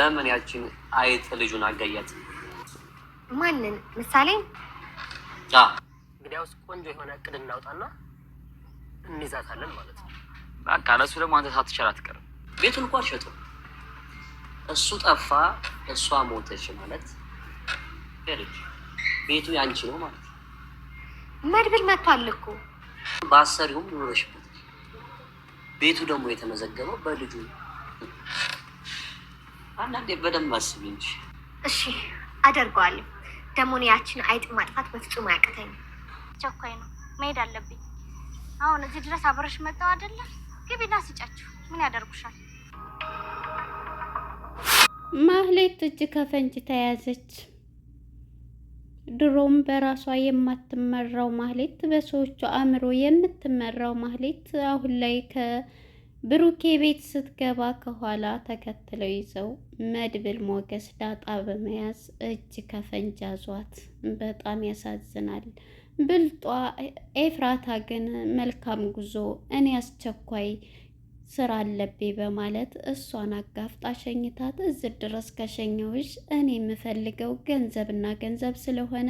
ለምን ያችን አይጥ ልጁን አጋያት? ማንን? ምሳሌ። እንግዲያውስ ቆንጆ የሆነ እቅድ እናውጣና እንይዛታለን ማለት ነው። በቃ ለእሱ ደግሞ አንተ ሳትችል አትቀርም። ቤቱን እንኳ አልሸጡም። እሱ ጠፋ፣ እሷ ሞተች ማለት ቤቱ ያንቺ ነው ማለት ነው። መድብል መጥቷል እኮ በአሰሪውም ኖረሽበት። ቤቱ ደግሞ የተመዘገበው በልጁ አንዳንዴ በደንብ አስቢ እንጂ። እሺ አደርገዋለሁ። ደሞን ያችን አይጥ ማጥፋት በፍጹም አያቅተኝም። ቸኳይ ነው፣ መሄድ አለብኝ። አሁን እዚህ ድረስ አብረሽ መጣው አይደለም? ግቢና ስጫችሁ፣ ምን ያደርጉሻል? ማህሌት እጅ ከፈንጅ ተያዘች። ድሮም በራሷ የማትመራው ማህሌት፣ በሰዎቹ አእምሮ የምትመራው ማህሌት አሁን ላይ ከ ብሩኬ ቤት ስትገባ ከኋላ ተከትለው ይዘው መድብል ሞገስ ዳጣ በመያዝ እጅ ከፈንጅ ያዟት። በጣም ያሳዝናል። ብልጧ ኤፍራታ ግን መልካም ጉዞ፣ እኔ አስቸኳይ ስራ አለብኝ በማለት እሷን አጋፍጣ ሸኝታት። እዚህ ድረስ ከሸኘውሽ እኔ የምፈልገው ገንዘብና ገንዘብ ስለሆነ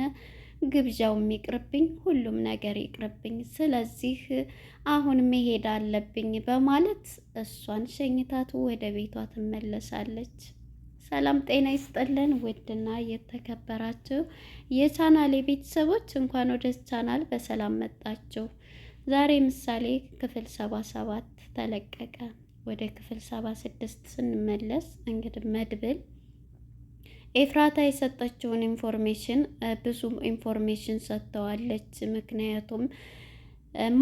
ግብዣውም ይቅርብኝ፣ ሁሉም ነገር ይቅርብኝ፣ ስለዚህ አሁን መሄድ አለብኝ በማለት እሷን ሸኝታት ወደ ቤቷ ትመለሳለች። ሰላም ጤና ይስጥልን። ውድና የተከበራችሁ የቻናሌ ቤተሰቦች እንኳን ወደ ቻናል በሰላም መጣችሁ። ዛሬ ምሳሌ ክፍል ሰባ ሰባት ተለቀቀ። ወደ ክፍል ሰባ ስድስት ስንመለስ እንግዲህ መድብል ኤፍራታ የሰጠችውን ኢንፎርሜሽን ብዙ ኢንፎርሜሽን ሰጥተዋለች። ምክንያቱም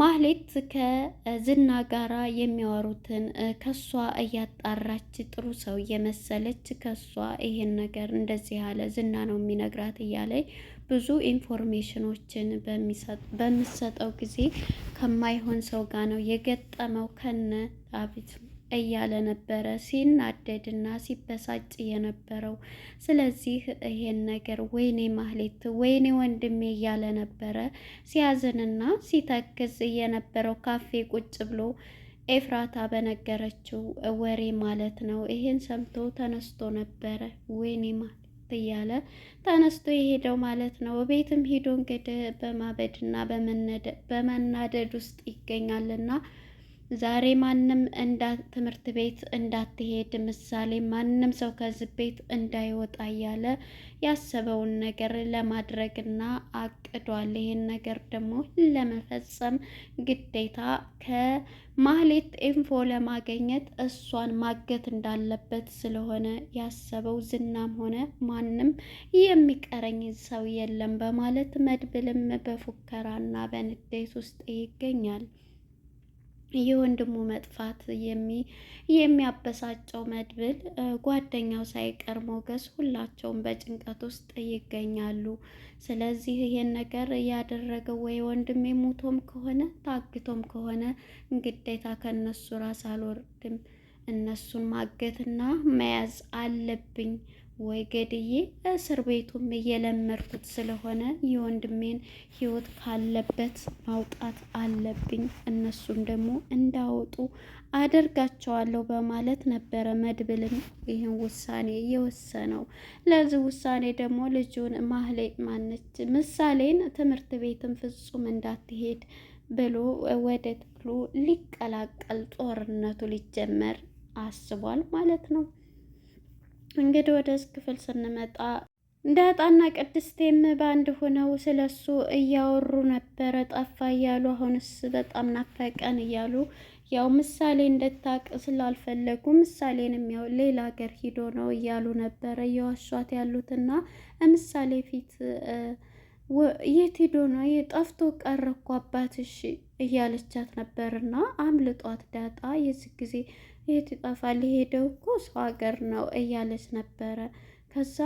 ማህሌት ከዝና ጋራ የሚያወሩትን ከሷ እያጣራች ጥሩ ሰው እየመሰለች ከሷ ይሄን ነገር እንደዚህ ያለ ዝና ነው የሚነግራት እያለኝ ብዙ ኢንፎርሜሽኖችን በሚሰጠው ጊዜ ከማይሆን ሰው ጋር ነው የገጠመው ከነ አቤት እያለ ነበረ ሲናደድና ሲበሳጭ የነበረው። ስለዚህ ይሄን ነገር ወይኔ ማህሌት፣ ወይኔ ወንድሜ እያለ ነበረ ሲያዝንና ሲተክዝ የነበረው ካፌ ቁጭ ብሎ ኤፍራታ በነገረችው ወሬ ማለት ነው። ይሄን ሰምቶ ተነስቶ ነበረ ወይኔ ማህሌት እያለ ተነስቶ የሄደው ማለት ነው። ቤትም ሄዶ እንግዲህ በማበድና በመናደድ ውስጥ ይገኛልና ዛሬ ማንም እንዳ ትምህርት ቤት እንዳትሄድ ምሳሌ ማንም ሰው ከዚህ ቤት እንዳይወጣ እያለ ያሰበውን ነገር ለማድረግና አቅዷል። ይሄን ነገር ደግሞ ለመፈጸም ግዴታ ከማህሌት ኢንፎ ለማገኘት እሷን ማገት እንዳለበት ስለሆነ ያሰበው ዝናም ሆነ ማንም የሚቀረኝ ሰው የለም በማለት መድብልም በፉከራና በንዴት ውስጥ ይገኛል። የወንድሙ መጥፋት የሚያበሳጨው መድብል ጓደኛው ሳይቀር ሞገስ ሁላቸውም በጭንቀት ውስጥ ይገኛሉ። ስለዚህ ይሄን ነገር ያደረገው ወይ ወንድሜ የሙቶም ከሆነ ታግቶም ከሆነ ግዴታ ከነሱ ራስ አልወርድም፣ እነሱን ማገትና መያዝ አለብኝ ወይ ገድዬ እስር ቤቱም እየለመድኩት ስለሆነ የወንድሜን ህይወት ካለበት ማውጣት አለብኝ፣ እነሱም ደግሞ እንዳወጡ አደርጋቸዋለሁ በማለት ነበረ መድብልም ይህን ውሳኔ የወሰነው። ለዚህ ውሳኔ ደግሞ ልጁን ማህሌ ማነች ምሳሌን ትምህርት ቤትም ፍጹም እንዳትሄድ ብሎ ወደ ትክሉ ሊቀላቀል ጦርነቱ ሊጀመር አስቧል ማለት ነው። እንግዲህ ወደ ክፍል ስንመጣ ዳጣና ቅድስቴም በአንድ ሆነው ስለሱ እያወሩ ነበረ። ጠፋ እያሉ አሁንስ በጣም ናፈቀን እያሉ ያው ምሳሌ እንድታቅ ስላልፈለጉ ምሳሌንም ያው ሌላ ሀገር ሂዶ ነው እያሉ ነበረ እየዋሿት ያሉትና ምሳሌ ፊት የት ሂዶ ነው የጠፍቶ ቀረ እኮ አባትሽ እያለቻት ነበርና አምልጧት ዳጣ የዚህ ጊዜ የት ይጠፋል? የሄደው እኮ ሰው ሀገር ነው እያለች ነበረ። ከዛ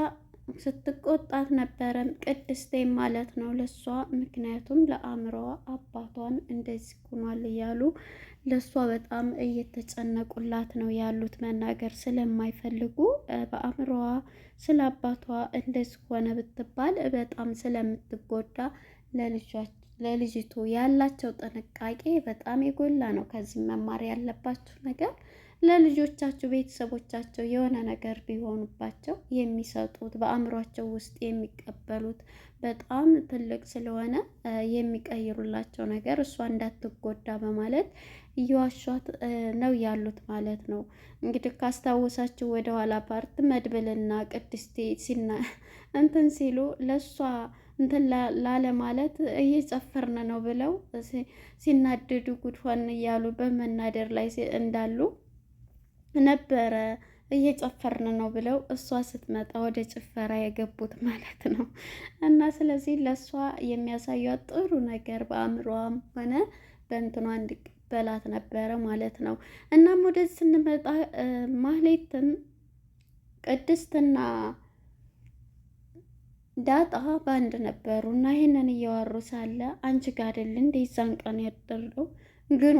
ስትቆጣት ነበረ ቅድስቴ ማለት ነው ለሷ። ምክንያቱም ለአእምሮዋ አባቷን እንደዚህ ሆኗል እያሉ ለሷ በጣም እየተጨነቁላት ነው ያሉት። መናገር ስለማይፈልጉ በአእምሮዋ ስለ አባቷ እንደዚህ ሆነ ብትባል በጣም ስለምትጎዳ ለልጅቱ ያላቸው ጥንቃቄ በጣም የጎላ ነው። ከዚህ መማር ያለባችሁ ነገር ለልጆቻቸው ቤተሰቦቻቸው የሆነ ነገር ቢሆኑባቸው የሚሰጡት በአእምሯቸው ውስጥ የሚቀበሉት በጣም ትልቅ ስለሆነ የሚቀይሩላቸው ነገር እሷ እንዳትጎዳ በማለት እየዋሿት ነው ያሉት ማለት ነው። እንግዲህ ካስታወሳችሁ ወደኋላ ፓርት መድብልና ቅድስቴ ሲና እንትን ሲሉ ለእሷ እንትን ላለ ማለት እየጨፈርን ነው ብለው ሲናደዱ ጉድሆን እያሉ በመናደር ላይ እንዳሉ ነበረ እየጨፈርን ነው ብለው እሷ ስትመጣ ወደ ጭፈራ የገቡት ማለት ነው። እና ስለዚህ ለእሷ የሚያሳዩት ጥሩ ነገር በአእምሯም ሆነ በእንትኗ እንዲቀበላት ነበረ ማለት ነው። እናም ወደ ስንመጣ ማህሌትን ቅድስትና ዳጣ በአንድ ነበሩ እና ይህንን እያወሩ ሳለ አንቺ ጋ አይደል እንደ ይዛን ቀን ያደርገው ግን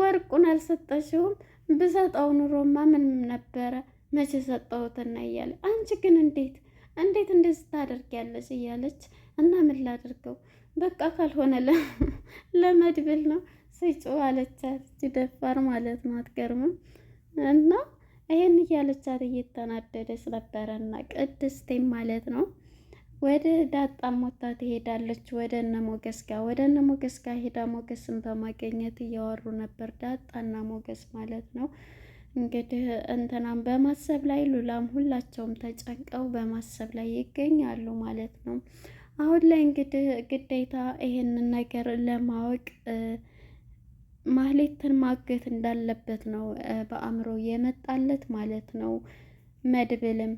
ወርቁን አልሰጠሽውም ብሰጠው ኑሮማ ምንም ነበረ መቼ ሰጠሁትና እያለ አንቺ ግን እንዴት እንዴት እንደዚህ ታደርጊያለሽ እያለች እና ምን ላደርገው በቃ ካልሆነ ለመድብል ነው ስጭው አለቻት። ደፋር ማለት ነው አትገርምም? እና ይሄን እያለቻት እየተናደደች ነበረና ቅድስቴ ማለት ነው ወደ ዳጣ ሞታ ትሄዳለች። ወደ እነ ሞገስ ጋር ወደ እነ ሞገስ ጋር ሄዳ ሞገስን በማገኘት እያወሩ ነበር ዳጣና ሞገስ ማለት ነው። እንግዲህ እንትናም በማሰብ ላይ ሉላም ሁላቸውም ተጨንቀው በማሰብ ላይ ይገኛሉ ማለት ነው። አሁን ላይ እንግዲህ ግዴታ ይሄንን ነገር ለማወቅ ማህሌትን ማገት እንዳለበት ነው በአእምሮ የመጣለት ማለት ነው መድብልም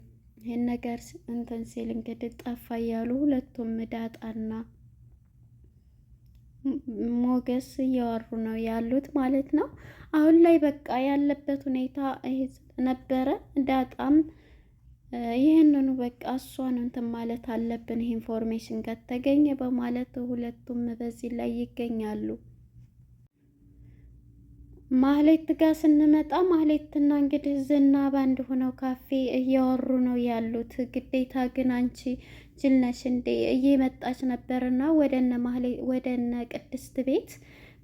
ይህን ነገር እንትን ሲል እንግዲህ ጠፋ እያሉ ሁለቱም ዳጣና ሞገስ እያወሩ ነው ያሉት ማለት ነው። አሁን ላይ በቃ ያለበት ሁኔታ ይሄ ነበረ። ዳጣም ይህንኑ በቃ እሷን እንትን ማለት አለብን ይህ ኢንፎርሜሽን ከተገኘ በማለት ሁለቱም በዚህ ላይ ይገኛሉ። ማህሌት ጋር ስንመጣ ማህሌትና እንግዲህ ዝና ባንድ ሆነው ካፌ እያወሩ ነው ያሉት። ግዴታ ግን አንቺ ጅልነሽ እንዴ እየመጣች ነበርና ወደነ ማህሌት ወደነ ቅድስት ቤት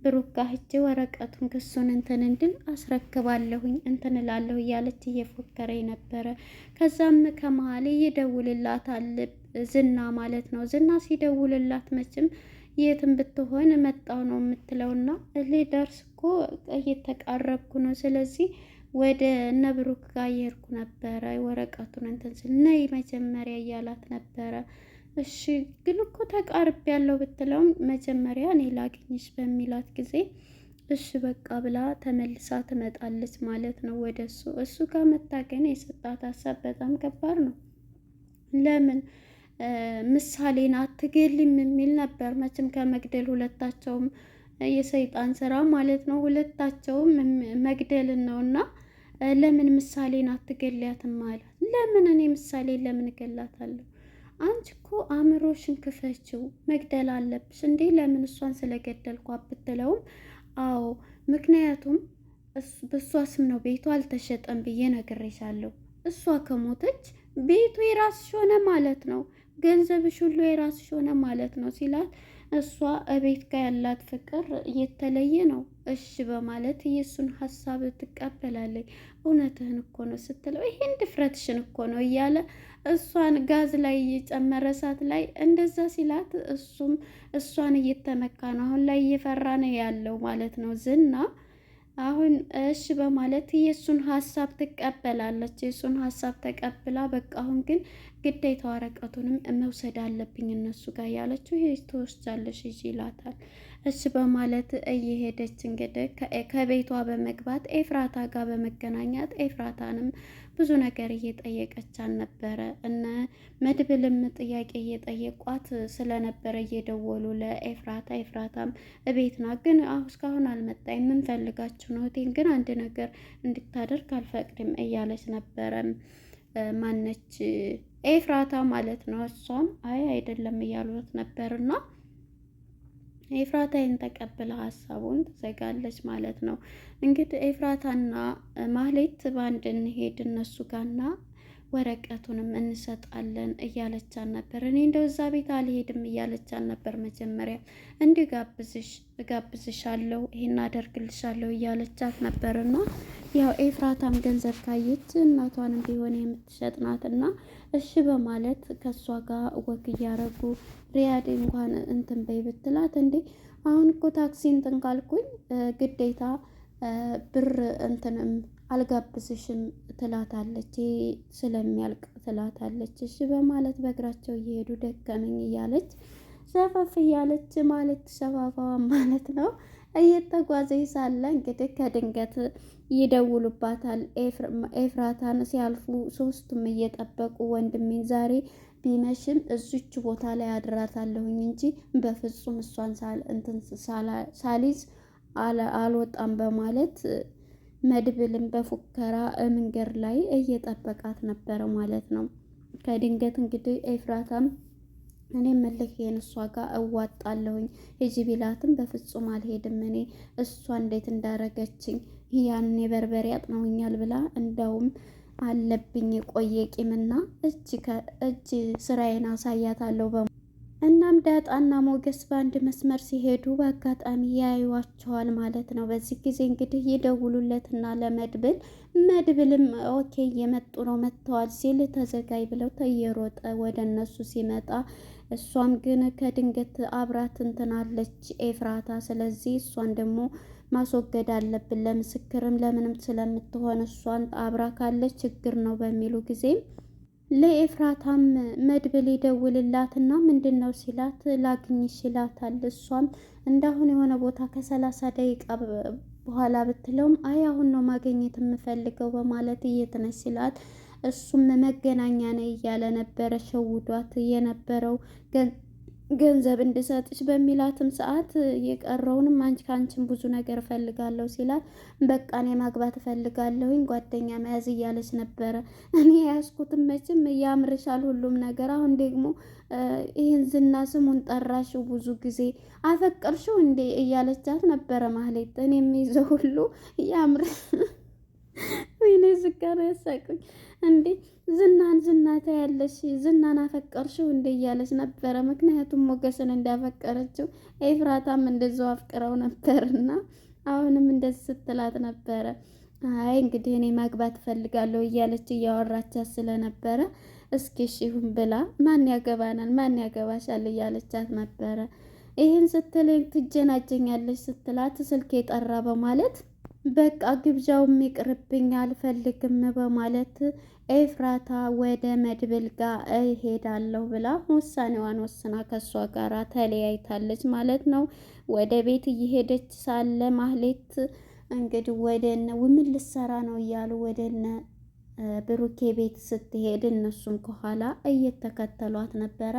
ብሩካ ሂጅ ወረቀቱን ክሱን እንትን እንድን አስረክባለሁኝ እንትንላለሁ እያለች እየፎከረ ነበረ። ከዛም ከመሀል አለ ዝና ማለት ነው። ዝና ሲደውልላት መችም የትም ብትሆን መጣው ነው የምትለውና ልደርስ እኮ እየተቃረብኩ ነው። ስለዚህ ወደ እነ ብሩክ ጋር እየሄድኩ ነበረ ወረቀቱን እንትን ስል ነይ መጀመሪያ እያላት ነበረ። እሺ ግን እኮ ተቃርብ ያለው ብትለውም መጀመሪያ እኔ ላግኝሽ በሚላት ጊዜ እሺ በቃ ብላ ተመልሳ ትመጣለች ማለት ነው ወደ እሱ እሱ ጋር መታገን የሰጣት ሀሳብ በጣም ከባድ ነው። ለምን ምሳሌን አትገልም የሚል ነበር። መቼም ከመግደል ሁለታቸውም የሰይጣን ስራ ማለት ነው። ሁለታቸውም መግደልን ነው እና ለምን ምሳሌን አትገሊያትም አላት። ለምን እኔ ምሳሌን ለምን እገላታለሁ? አንቺ እኮ አእምሮሽን ክፈችው፣ መግደል አለብሽ እንዴ? ለምን እሷን ስለገደልኳት ብትለውም፣ አዎ ምክንያቱም በእሷ ስም ነው ቤቱ አልተሸጠም ብዬ ነግሬሻለሁ። እሷ ከሞተች ቤቱ የራስሽ ሆነ ማለት ነው። ገንዘብሽ ሁሉ የራስሽ ሆነ ማለት ነው ሲላት እሷ እቤት ጋር ያላት ፍቅር እየተለየ ነው፣ እሺ በማለት የእሱን ሀሳብ ትቀበላለች። እውነትህን እኮ ነው ስትለው ይሄን ድፍረትሽን እኮ ነው እያለ እሷን ጋዝ ላይ እየጨመረ እሳት ላይ እንደዛ ሲላት እሱም እሷን እየተመካ ነው አሁን ላይ እየፈራ ነው ያለው ማለት ነው ዝና አሁን እሺ በማለት የእሱን ሀሳብ ትቀበላለች። የእሱን ሀሳብ ተቀብላ በቃ አሁን ግን ግዴታ ወረቀቱንም መውሰድ አለብኝ እነሱ ጋር ያለችው ይህ ትወስጃለሽ ይዤ ይላታል። እሺ በማለት እየሄደች እንግዲህ ከቤቷ በመግባት ኤፍራታ ጋር በመገናኛት ኤፍራታንም ብዙ ነገር እየጠየቀቻን ነበረ። እነ መድብልም ጥያቄ እየጠየቋት ስለነበረ እየደወሉ ለኤፍራታ ኤፍራታም እቤትና ግን አሁ እስካሁን አልመጣኝ የምንፈልጋችሁ ነው፣ እህቴን ግን አንድ ነገር እንድታደርግ አልፈቅድም እያለች ነበረ። ማነች ኤፍራታ ማለት ነው። እሷም አይ አይደለም እያሉት ነበርና ኤፍራታይን ተቀብላ ሀሳቡን ትዘጋለች ማለት ነው። እንግዲህ ኤፍራታና ማህሌት በአንድ እንሄድ እነሱ ጋርና ወረቀቱንም እንሰጣለን እያለቻን ነበር። እኔ እንደው እዛ ቤት አልሄድም እያለቻን ነበር። መጀመሪያ እንዲ ጋብዝሽ እጋብዝሻለሁ ይሄን አደርግልሻለሁ እያለቻት እና ያው ኤፍራታም ገንዘብ ካየች እናቷንም ቢሆን የምትሸጥናትና እሺ በማለት ከእሷ ጋር ወግ እያረጉ ሪያዴ እንኳን እንትን በይ ብትላት፣ እንዴ አሁን እኮ ታክሲ እንትን ካልኩኝ ግዴታ ብር እንትንም አልጋብዝሽም ትላታለች፣ ስለሚያልቅ ትላታለች። እሺ በማለት በእግራቸው እየሄዱ ደከመኝ እያለች ሸፈፍ እያለች ማለት ሸፋፋዋ ማለት ነው እየተጓዘ ሳለ እንግዲህ ከድንገት ይደውሉባታል። ኤፍራታን ሲያልፉ ሶስቱም እየጠበቁ ወንድሜን ዛሬ ቢመሽም እዚች ቦታ ላይ አድራታለሁኝ እንጂ በፍጹም እሷን እንትን ሳሊዝ አልወጣም በማለት መድብልን በፉከራ መንገድ ላይ እየጠበቃት ነበረ ማለት ነው። ከድንገት እንግዲህ ኤፍራታም እኔ መልኬን እሷ ጋር እዋጣለሁኝ ሂጂ ቢላትም በፍጹም አልሄድም እኔ እሷ እንዴት እንዳረገችኝ ያንን የበርበሬ አጥነውኛል ብላ እንደውም አለብኝ የቆየ ቂምና እጅ ስራዬን አሳያታለሁ በ እናም ዳጣና ሞገስ በአንድ መስመር ሲሄዱ በአጋጣሚ ያዩዋቸዋል ማለት ነው። በዚህ ጊዜ እንግዲህ ይደውሉለትና ለመድብል መድብልም ኦኬ እየመጡ ነው መጥተዋል ሲል ተዘጋጅ ብለው ተየሮጠ ወደ እነሱ ሲመጣ እሷም ግን ከድንገት አብራት እንትናለች ኤፍራታ። ስለዚህ እሷን ደግሞ ማስወገድ አለብን፣ ለምስክርም ለምንም ስለምትሆን እሷን አብራ ካለች ችግር ነው በሚሉ ጊዜ ለኤፍራታም መድብል ይደውልላትና ምንድን ነው ሲላት ላግኝሽ ይላታል። እሷም እንዳሁን የሆነ ቦታ ከሰላሳ ደቂቃ በኋላ ብትለውም አይ አሁን ነው ማግኘት የምፈልገው በማለት እየትነች ሲላት እሱም መገናኛ ነ እያለ ነበረ ሸውዷት የነበረው ገንዘብ እንድሰጥች በሚላትም ሰዓት የቀረውንም አንቺ ከአንቺም ብዙ ነገር እፈልጋለሁ ሲላት፣ በቃ እኔ ማግባት እፈልጋለሁኝ ጓደኛ መያዝ እያለች ነበረ። እኔ ያስኩትም መቼም ያምርሻል ሁሉም ነገር። አሁን ደግሞ ይህን ዝና ስሙን ጠራሽው፣ ብዙ ጊዜ አፈቀርሽው እንዴ እያለቻት ነበረ ማህሌት። እኔ የሚይዘው ሁሉ ያምር ነው ያሳቁኝ። እንዴ ዝናን ዝናታ ያለሽ ዝናን አፈቀርሽው እንዴ እያለች ነበረ። ምክንያቱም ሞገስን እንዳፈቀረችው ኤፍራታም እንደዛው አፍቅረው ነበርና አሁንም እንደዚህ ስትላት ነበረ። አይ እንግዲህ እኔ ማግባት እፈልጋለሁ እያለች እያወራቻት ስለነበረ እስኪ እሺ ብላ ማን ያገባናል ማን ያገባሻል እያለቻት ነበረ። ይህን ስትል ትጀናጀኛለች ስትላት ስልክ የጠራ በማለት በቃ ግብዣውም ይቅርብኝ አልፈልግም በማለት ኤፍራታ ወደ መድብል ጋር እሄዳለሁ ብላ ውሳኔዋን ወስና ከእሷ ጋር ተለያይታለች ማለት ነው። ወደ ቤት እየሄደች ሳለ ማህሌት እንግዲህ ወደነ ውምን ልሰራ ነው እያሉ ወደነ ብሩኬ ቤት ስትሄድ እነሱም ከኋላ እየተከተሏት ነበረ።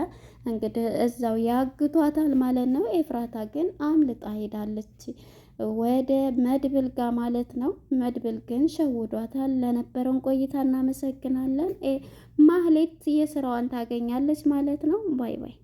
እንግዲህ እዛው ያግቷታል ማለት ነው። ኤፍራታ ግን አምልጣ ሄዳለች። ወደ መድብል ጋር ማለት ነው። መድብል ግን ሸውዷታል። ለነበረን ቆይታ እናመሰግናለን። ማህሌት የስራዋን ታገኛለች ማለት ነው። ባይ ባይ